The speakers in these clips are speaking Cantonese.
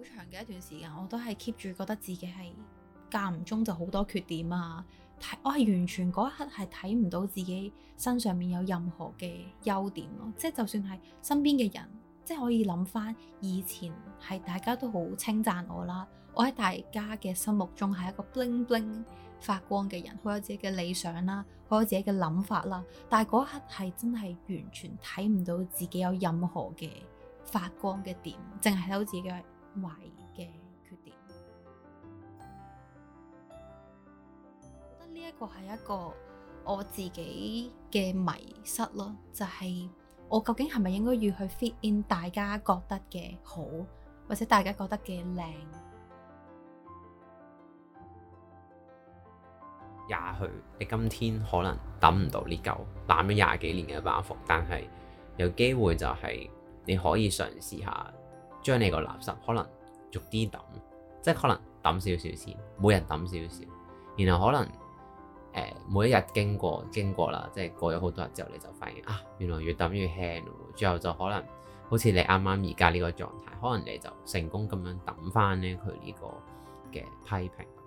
好長嘅一段時間，我都係 keep 住覺得自己係間唔中就好多缺點啊。睇我係完全嗰一刻係睇唔到自己身上面有任何嘅優點咯、啊。即係就算係身邊嘅人，即係可以諗翻以前係大家都好稱讚我啦。我喺大家嘅心目中係一個 bling bling 發光嘅人，好有自己嘅理想啦、啊，好有自己嘅諗法啦、啊。但係嗰一刻係真係完全睇唔到自己有任何嘅發光嘅點，淨係睇到自己。唯嘅缺點，我覺得呢一個係一個我自己嘅迷失咯，就係我究竟係咪應該要去 fit in 大家覺得嘅好，或者大家覺得嘅靚？也許，你今天可能等唔到呢嚿攬咗廿幾年嘅包袱，但係有機會就係你可以嘗試下。將你個垃圾可能逐啲抌，即係可能抌少少錢，每人抌少少，然後可能誒、呃、每一日經過經過啦，即係過咗好多日之後，你就發現啊，原來越抌越輕，最後就可能好似你啱啱而家呢個狀態，可能你就成功咁樣抌翻咧佢呢個嘅批評。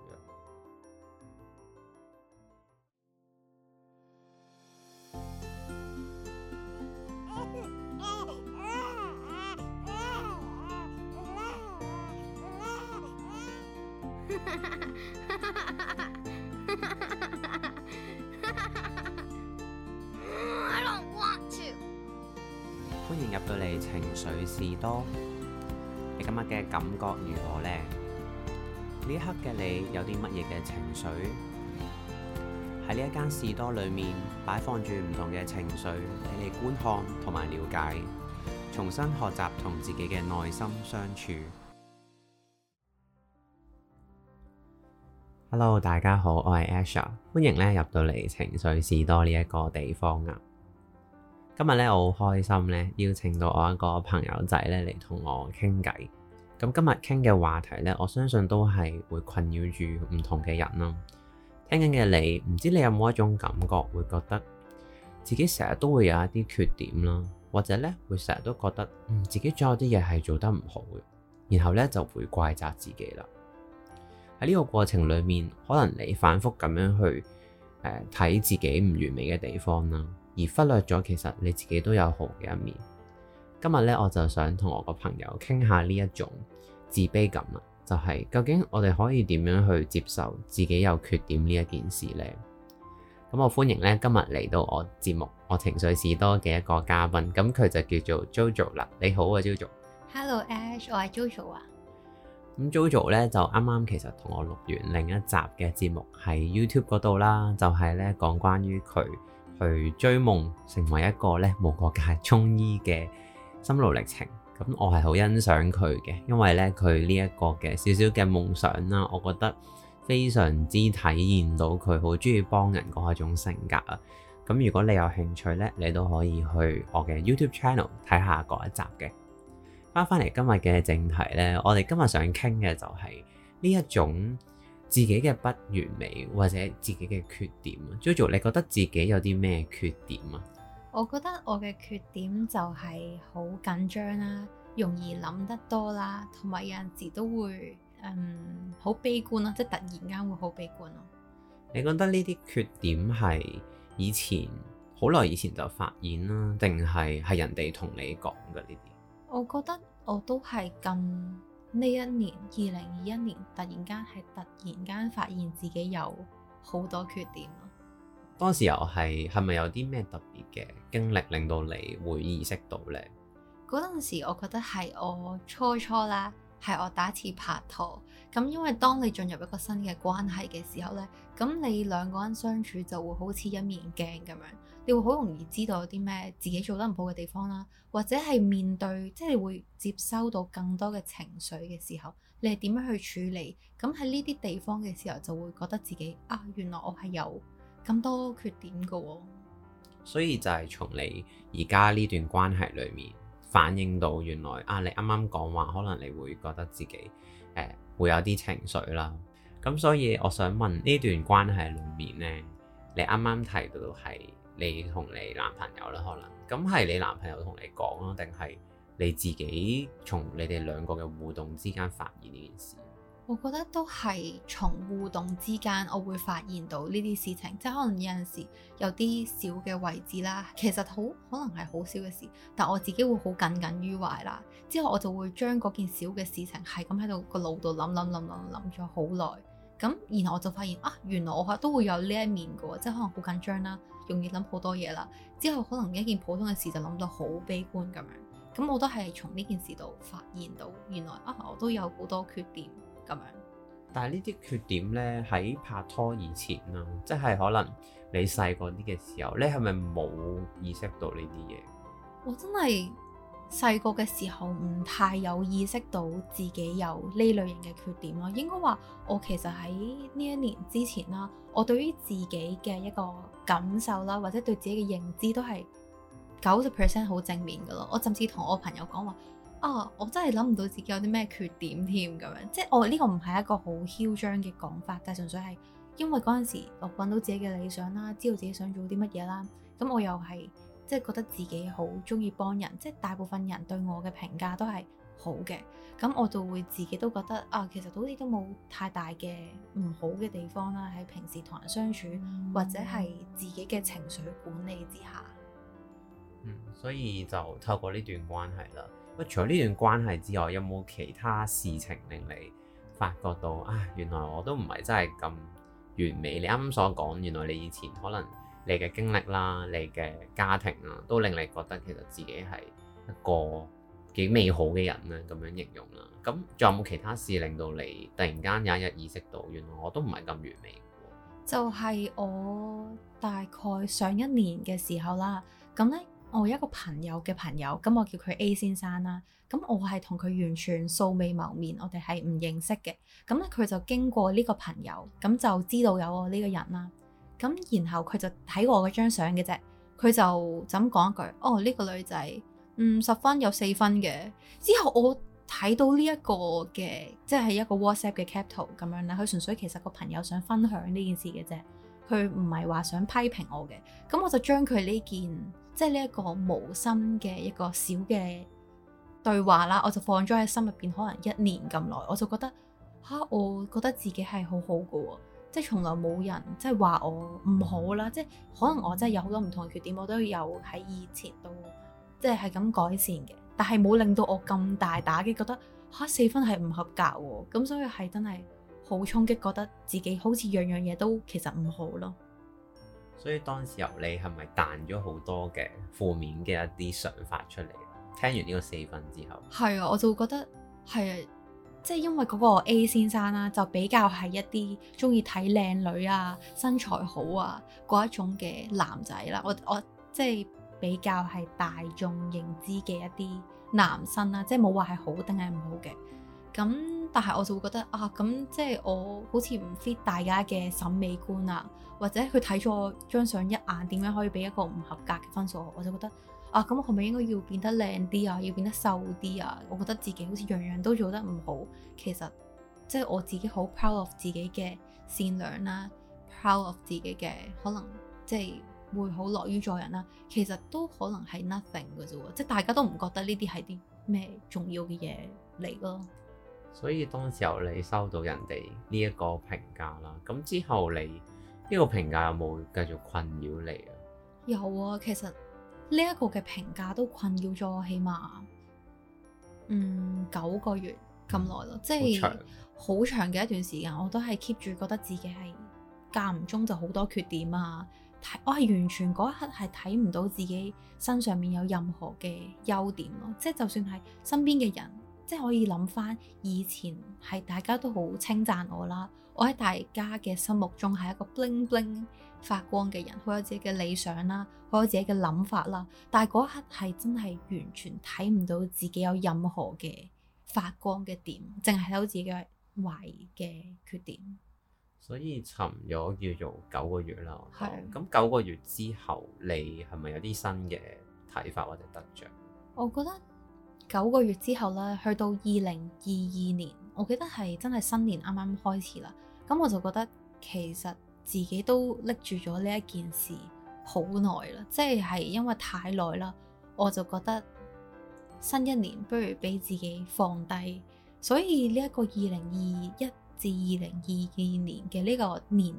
歡迎入到嚟情緒士多。你今日嘅感覺如何呢？呢一刻嘅你有啲乜嘢嘅情緒？喺呢一間士多裏面擺放住唔同嘅情緒，畀你嚟觀看同埋了解，重新學習同自己嘅內心相處。Hello，大家好，我係 Ash，歡迎咧入到嚟情緒士多呢一個地方啊！今日咧，我好開心咧，邀請到我一個朋友仔咧嚟同我傾偈。咁今日傾嘅話題咧，我相信都係會困擾住唔同嘅人囉。聽緊嘅你，唔知你有冇一種感覺，會覺得自己成日都會有一啲缺點啦，或者咧會成日都覺得嗯自己做啲嘢係做得唔好嘅，然後咧就會怪責自己啦。喺呢個過程裡面，可能你反覆咁樣去呃、睇自己唔完美嘅地方啦。而忽略咗，其實你自己都有好嘅一面。今日咧，我就想同我個朋友傾下呢一種自卑感啦，就係究竟我哋可以點樣去接受自己有缺點呢一件事咧？咁我歡迎咧今日嚟到我節目《我情緒士多》嘅一個嘉賓，咁佢就叫做 JoJo 啦。你好啊，JoJo。Hello Ash，我係 JoJo 啊。咁 JoJo 咧就啱啱其實同我錄完另一集嘅節目喺 YouTube 嗰度啦，就係咧講關於佢。去追夢成為一個咧無國界中醫嘅心路歷程，咁我係好欣賞佢嘅，因為咧佢呢一個嘅少少嘅夢想啦，我覺得非常之體現到佢好中意幫人嗰一種性格啊。咁如果你有興趣咧，你都可以去我嘅 YouTube channel 睇下嗰一集嘅。翻返嚟今日嘅正題咧，我哋今日想傾嘅就係、是、呢一種。自己嘅不完美或者自己嘅缺點啊，Jojo，你覺得自己有啲咩缺點啊？我覺得我嘅缺點就係好緊張啦，容易諗得多啦，同埋有陣時都會嗯好悲觀咯，即係突然間會好悲觀咯。你覺得呢啲缺點係以前好耐以前就發現啦，定係係人哋同你講嘅呢啲？我覺得我都係咁。呢一年，二零二一年，突然間係突然間發現自己有好多缺點咯。當時又係係咪有啲咩特別嘅經歷令到你會意識到呢？嗰陣時我覺得係我初初啦，係我第一次拍拖。咁因為當你進入一個新嘅關係嘅時候呢，咁你兩個人相處就會好似一面鏡咁樣。你會好容易知道有啲咩自己做得唔好嘅地方啦，或者係面對即係會接收到更多嘅情緒嘅時候，你係點樣去處理？咁喺呢啲地方嘅時候，就會覺得自己啊，原來我係有咁多缺點㗎喎。所以就係從你而家呢段關係裏面反映到，原來啊，你啱啱講話，可能你會覺得自己誒、呃、會有啲情緒啦。咁所以我想問呢段關係裏面呢，你啱啱提到度係？你同你男朋友啦，可能咁係你男朋友同你講咯，定係你自己從你哋兩個嘅互動之間發現呢件事？我覺得都係從互動之間，我會發現到呢啲事情，即係可能有陣時有啲小嘅位置啦，其實好，可能係好小嘅事，但我自己會好耿耿於懷啦，之後我就會將嗰件小嘅事情係咁喺度個腦度諗諗諗諗諗咗好耐。咁，然後我就發現啊，原來我嚇都會有呢一面嘅，即係可能好緊張啦，容易諗好多嘢啦。之後可能一件普通嘅事就諗到好悲觀咁樣。咁我都係從呢件事度發現到原來啊，我都有好多缺點咁樣。但係呢啲缺點咧喺拍拖以前啊，即係可能你細個啲嘅時候，你係咪冇意識到呢啲嘢？我、哦、真係。細個嘅時候唔太有意識到自己有呢類型嘅缺點咯，應該話我其實喺呢一年之前啦，我對於自己嘅一個感受啦，或者對自己嘅認知都係九十 percent 好正面噶咯。我甚至同我朋友講話啊，我真係諗唔到自己有啲咩缺點添咁樣，即係我呢個唔係一個好囂張嘅講法，但係純粹係因為嗰陣時我揾到自己嘅理想啦，知道自己想做啲乜嘢啦，咁我又係。即係覺得自己好中意幫人，即係大部分人對我嘅評價都係好嘅，咁我就會自己都覺得啊，其實好似都冇太大嘅唔好嘅地方啦。喺平時同人相處或者係自己嘅情緒管理之下，嗯，所以就透過呢段關係啦。除咗呢段關係之外，有冇其他事情令你發覺到啊？原來我都唔係真係咁完美。你啱啱所講，原來你以前可能。你嘅經歷啦，你嘅家庭啊，都令你覺得其實自己係一個幾美好嘅人啊。咁樣形容啦。咁仲有冇其他事令到你突然間有一日意識到，原來我都唔係咁完美嘅？就係我大概上一年嘅時候啦。咁呢，我有一個朋友嘅朋友，咁我叫佢 A 先生啦。咁我係同佢完全素未謀面，我哋係唔認識嘅。咁咧，佢就經過呢個朋友，咁就知道有我呢個人啦。咁，然後佢就睇我嗰張相嘅啫，佢就就咁講一句，哦呢、這個女仔，嗯，十分有四分嘅。之後我睇到呢一個嘅，即係一個 WhatsApp 嘅 cap 圖咁樣啦，佢純粹其實個朋友想分享呢件事嘅啫，佢唔係話想批評我嘅。咁、嗯、我就將佢呢件，即係呢一個無心嘅一個小嘅對話啦，我就放咗喺心入邊，可能一年咁耐，我就覺得吓、啊，我覺得自己係好好嘅喎。即係從來冇人即係話我唔好啦，即係可能我真係有好多唔同嘅缺點，我都有喺以前都即係係咁改善嘅，但係冇令到我咁大打嘅，覺得嚇、啊、四分係唔合格喎，咁所以係真係好衝擊，覺得自己好似樣樣嘢都其實唔好咯。所以當時候你係咪彈咗好多嘅負面嘅一啲想法出嚟？聽完呢個四分之後，係啊，我就會覺得係啊。即係因為嗰個 A 先生啦、啊，就比較係一啲中意睇靚女啊、身材好啊嗰一種嘅男仔啦、啊。我我即係比較係大眾認知嘅一啲男生啦、啊，即係冇話係好定係唔好嘅。咁但係我就會覺得啊，咁即係我好似唔 fit 大家嘅審美觀啊，或者佢睇咗張相一眼，點樣可以俾一個唔合格嘅分數？我就覺得。啊，咁我係咪應該要變得靚啲啊，要變得瘦啲啊？我覺得自己好似樣樣都做得唔好，其實即係、就是、我自己好 proud of 自己嘅善良啦、啊、proud of 自己嘅可能即係、就是、會好樂於助人啦、啊，其實都可能係 nothing 嘅啫，即係大家都唔覺得呢啲係啲咩重要嘅嘢嚟咯。所以當時候你收到人哋呢一個評價啦，咁之後你呢個評價有冇繼續困擾你啊？有啊，其實。呢一個嘅評價都困擾咗我起碼，起碼嗯九個月咁耐咯，嗯、即係好長嘅一段時間，嗯、我都係 keep 住覺得自己係間唔中就好多缺點啊！睇我係完全嗰一刻係睇唔到自己身上面有任何嘅優點咯、啊，即係就算係身邊嘅人。即係可以諗翻以前係大家都好稱讚我啦，我喺大家嘅心目中係一個 bling bling 發光嘅人，好有自己嘅理想啦，好有自己嘅諗法啦。但係嗰刻係真係完全睇唔到自己有任何嘅發光嘅點，淨係睇到自己嘅壞嘅缺點。所以沉咗叫做九個月啦，咁的九個月之後你係咪有啲新嘅睇法或者得着？我覺得。九個月之後咧，去到二零二二年，我記得係真係新年啱啱開始啦。咁我就覺得其實自己都拎住咗呢一件事好耐啦，即係係因為太耐啦，我就覺得新一年不如俾自己放低。所以呢一個二零二一至二零二二年嘅呢個年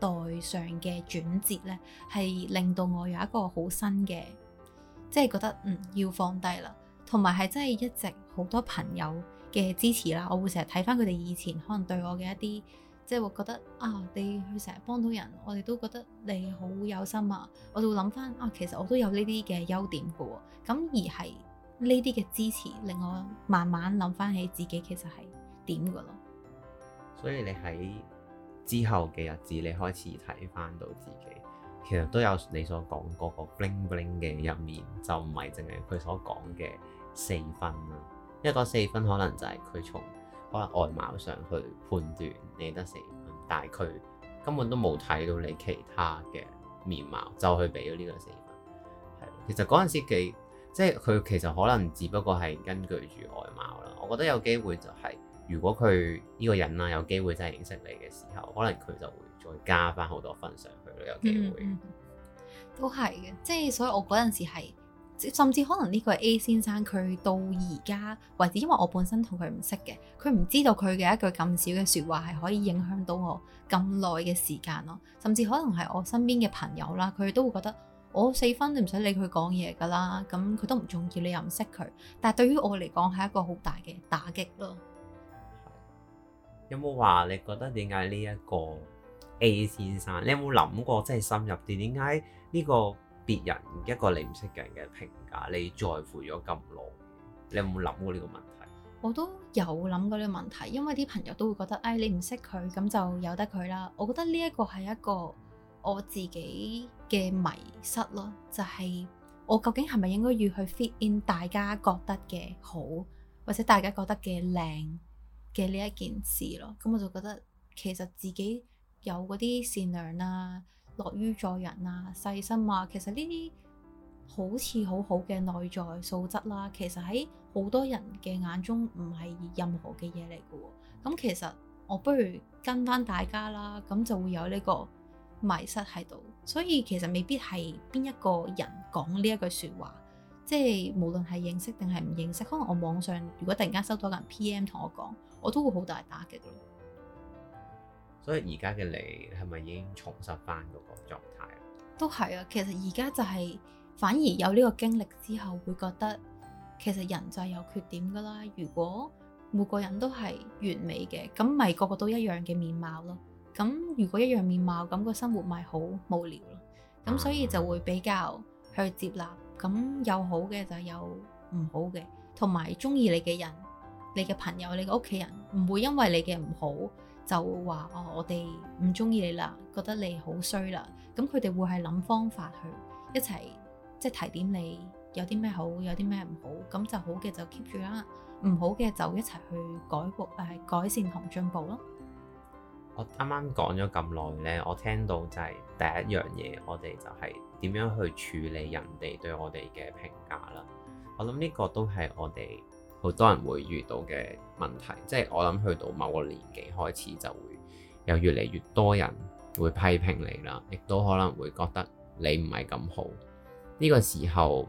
代上嘅轉折呢，係令到我有一個好新嘅，即係覺得嗯，要放低啦。同埋係真係一直好多朋友嘅支持啦，我會成日睇翻佢哋以前可能對我嘅一啲，即係會覺得啊，你去你成日幫到人，我哋都覺得你好有心啊，我就會諗翻啊，其實我都有呢啲嘅優點噶，咁而係呢啲嘅支持令我慢慢諗翻起自己其實係點噶咯。所以你喺之後嘅日子，你開始睇翻到自己，其實都有你所講嗰個 bling bling 嘅入面，就唔係淨係佢所講嘅。四分啦，因為嗰四分可能就係佢從可能外貌上去判斷你得四分，但係佢根本都冇睇到你其他嘅面貌就去俾咗呢個四分。其實嗰陣時幾即係佢其實可能只不過係根據住外貌啦。我覺得有機會就係如果佢呢個人啊，有機會真係認識你嘅時候，可能佢就會再加翻好多分上去咯。有機會，嗯、都係嘅，即係所以我嗰陣時係。甚至可能呢個 A 先生佢到而家或者因為我本身同佢唔識嘅，佢唔知道佢嘅一句咁少嘅説話係可以影響到我咁耐嘅時間咯。甚至可能係我身邊嘅朋友啦，佢都會覺得我四分都唔使理佢講嘢噶啦，咁佢都唔重要，你又唔識佢。但係對於我嚟講係一個好大嘅打擊咯。有冇話你覺得點解呢一個 A 先生？你有冇諗過真係深入啲點解呢個？別人一個你唔識嘅人嘅評價，你在乎咗咁耐，你有冇諗過呢個問題？我都有諗過呢個問題，因為啲朋友都會覺得，唉、哎，你唔識佢，咁就由得佢啦。我覺得呢一個係一個我自己嘅迷失咯，就係、是、我究竟係咪應該要去 fit in 大家覺得嘅好，或者大家覺得嘅靚嘅呢一件事咯？咁我就覺得其實自己有嗰啲善良啦、啊。樂於助人啊，細心啊，其實呢啲好似好好嘅內在素質啦、啊，其實喺好多人嘅眼中唔係任何嘅嘢嚟嘅喎。咁、嗯、其實我不如跟翻大家啦，咁、嗯、就會有呢個迷失喺度。所以其實未必係邊一個人講呢一句説話，即係無論係認識定係唔認識，可能我網上如果突然間收到一個人 P. M. 同我講，我都會好大打擊。所以而家嘅你係咪已經重拾翻嗰個狀態？都係啊，其實而家就係反而有呢個經歷之後，會覺得其實人就係有缺點噶啦。如果每個人都係完美嘅，咁咪個個都一樣嘅面貌咯。咁如果一樣面貌，咁個生活咪好無聊咯。咁所以就會比較去接納，咁有好嘅就有唔好嘅，同埋中意你嘅人、你嘅朋友、你嘅屋企人，唔會因為你嘅唔好。就會話哦，我哋唔中意你啦，覺得你好衰啦，咁佢哋會係諗方法去一齊即係提點你有啲咩好，有啲咩唔好，咁就好嘅就 keep 住啦，唔好嘅就一齊去改步、啊、改善同進步咯。我啱啱講咗咁耐呢，我聽到就係第一樣嘢，我哋就係點樣去處理人哋對我哋嘅評價啦。我諗呢個都係我哋，好多人會遇到嘅問題，即係我諗去到某個年紀開始就會有越嚟越多人會批評你啦，亦都可能會覺得你唔係咁好。呢個時候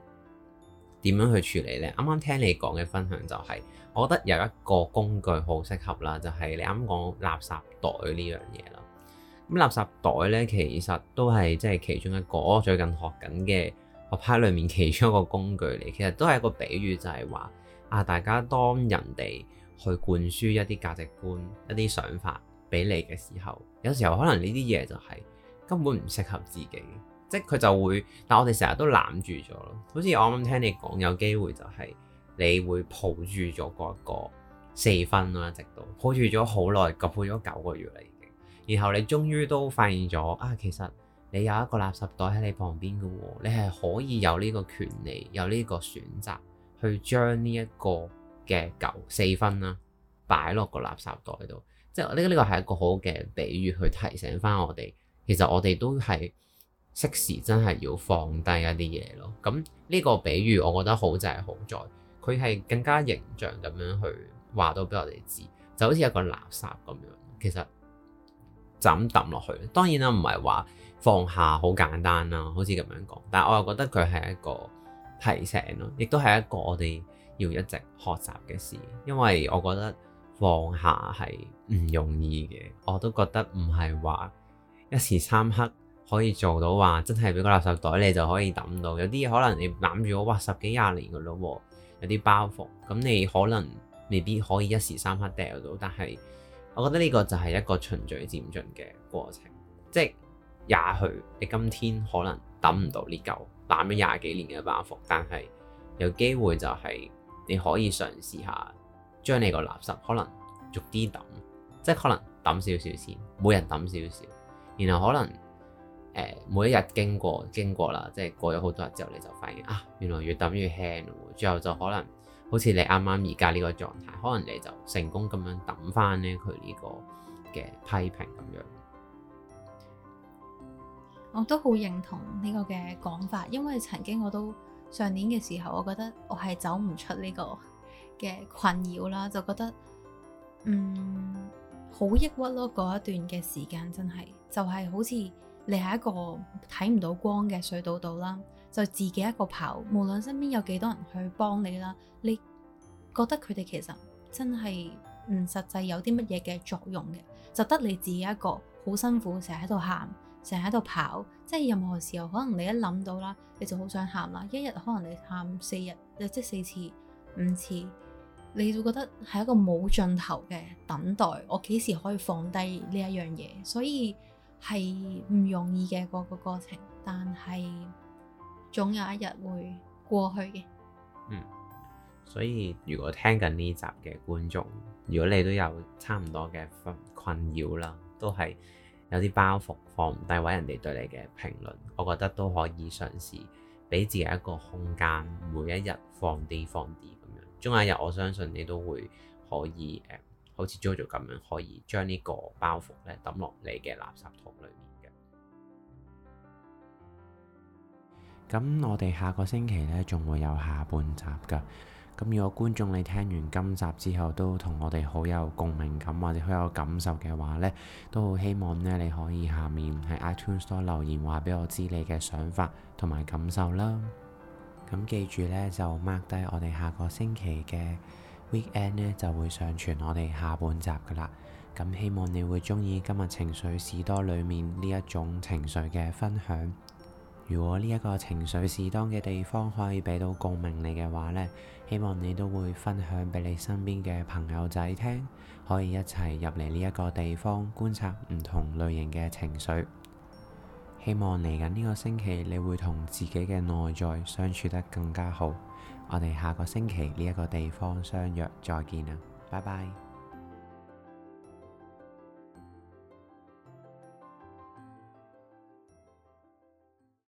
點樣去處理呢？啱啱聽你講嘅分享就係，我覺得有一個工具好適合啦，就係你啱啱講垃圾袋呢樣嘢啦。咁垃圾袋呢，其實都係即係其中一個我最近學緊嘅學派裡面其中一個工具嚟，其實都係一個比喻就係話。啊！大家當人哋去灌輸一啲價值觀、一啲想法俾你嘅時候，有時候可能呢啲嘢就係根本唔適合自己，即係佢就會。但我哋成日都攬住咗咯，好似我啱啱聽你講，有機會就係你會抱住咗嗰個四分啦，直到抱住咗好耐，個抱咗九個月啦已經。然後你終於都發現咗啊，其實你有一個垃圾袋喺你旁邊嘅喎，你係可以有呢個權利，有呢個選擇。去將呢一個嘅舊四分啦，擺落個垃圾袋度，即係呢個呢個係一個好嘅比喻，去提醒翻我哋，其實我哋都係適時真係要放低一啲嘢咯。咁，嗯，呢個比喻我覺得好就係好在，佢係更加形象咁樣去話到俾我哋知，就好似一個垃圾咁樣，其實就咁抌落去。當然啦，唔係話放下好簡單啦，好似咁樣講，但係我又覺得佢係一個。提醒咯，亦都係一個我哋要一直學習嘅事，因為我覺得放下係唔容易嘅。我都覺得唔係話一時三刻可以做到話真係俾個垃圾袋你就可以抌到，有啲可能你攬住我哇十幾廿年噶咯喎，有啲包袱，咁你可能未必可以一時三刻掉到。但係我覺得呢個就係一個循序漸進嘅過程，即係也許你今天可能抌唔到呢嚿。攬咗廿幾年嘅包袱，但係有機會就係你可以嘗試下將你個垃圾可能逐啲抌，即係可能抌少少先，每人抌少少，然後可能誒、呃、每一日經過經過啦，即係過咗好多日之後你就發現啊，原來越抌越輕，最後就可能好似你啱啱而家呢個狀態，可能你就成功咁樣抌翻咧佢呢個嘅批評咁樣。我都好認同呢個嘅講法，因為曾經我都上年嘅時候，我覺得我係走唔出呢個嘅困擾啦，就覺得嗯，好抑鬱咯。嗰一段嘅時間真係，就係好似你係一個睇唔到光嘅隧道度啦，就自己一個跑，無論身邊有幾多人去幫你啦，你覺得佢哋其實真係唔實際有啲乜嘢嘅作用嘅，就得你自己一個好辛苦，成日喺度喊。成日喺度跑，即係任何時候，可能你一諗到啦，你就好想喊啦。一日可能你喊四日，即係四次、五次，你就覺得係一個冇盡頭嘅等待。我幾時可以放低呢一樣嘢？所以係唔容易嘅個個過程，但係總有一日會過去嘅。嗯，所以如果聽緊呢集嘅觀眾，如果你都有差唔多嘅困困擾啦，都係。有啲包袱放唔低，或者人哋對你嘅評論，我覺得都可以嘗試俾自己一個空間，每一日放啲放啲咁樣。終有一日，我相信你都會可以、嗯、好似 JoJo 咁樣，可以將呢個包袱咧抌落你嘅垃圾筒裏面嘅。咁我哋下個星期咧，仲會有下半集噶。咁如果觀眾你聽完今集之後，都同我哋好有共鳴感，或者好有感受嘅話呢，都好希望呢，你可以下面喺 iTunes Store 留言話俾我知你嘅想法同埋感受啦。咁 記住呢，就 mark 低我哋下個星期嘅 Weekend 呢，就會上傳我哋下半集噶啦。咁希望你會中意今日情緒士多裡面呢一種情緒嘅分享。如果呢一個情緒士多嘅地方可以俾到共鳴你嘅話呢，希望你都會分享俾你身邊嘅朋友仔聽，可以一齊入嚟呢一個地方觀察唔同類型嘅情緒。希望嚟緊呢個星期你會同自己嘅內在相處得更加好。我哋下個星期呢一個地方相約再見啦，拜拜。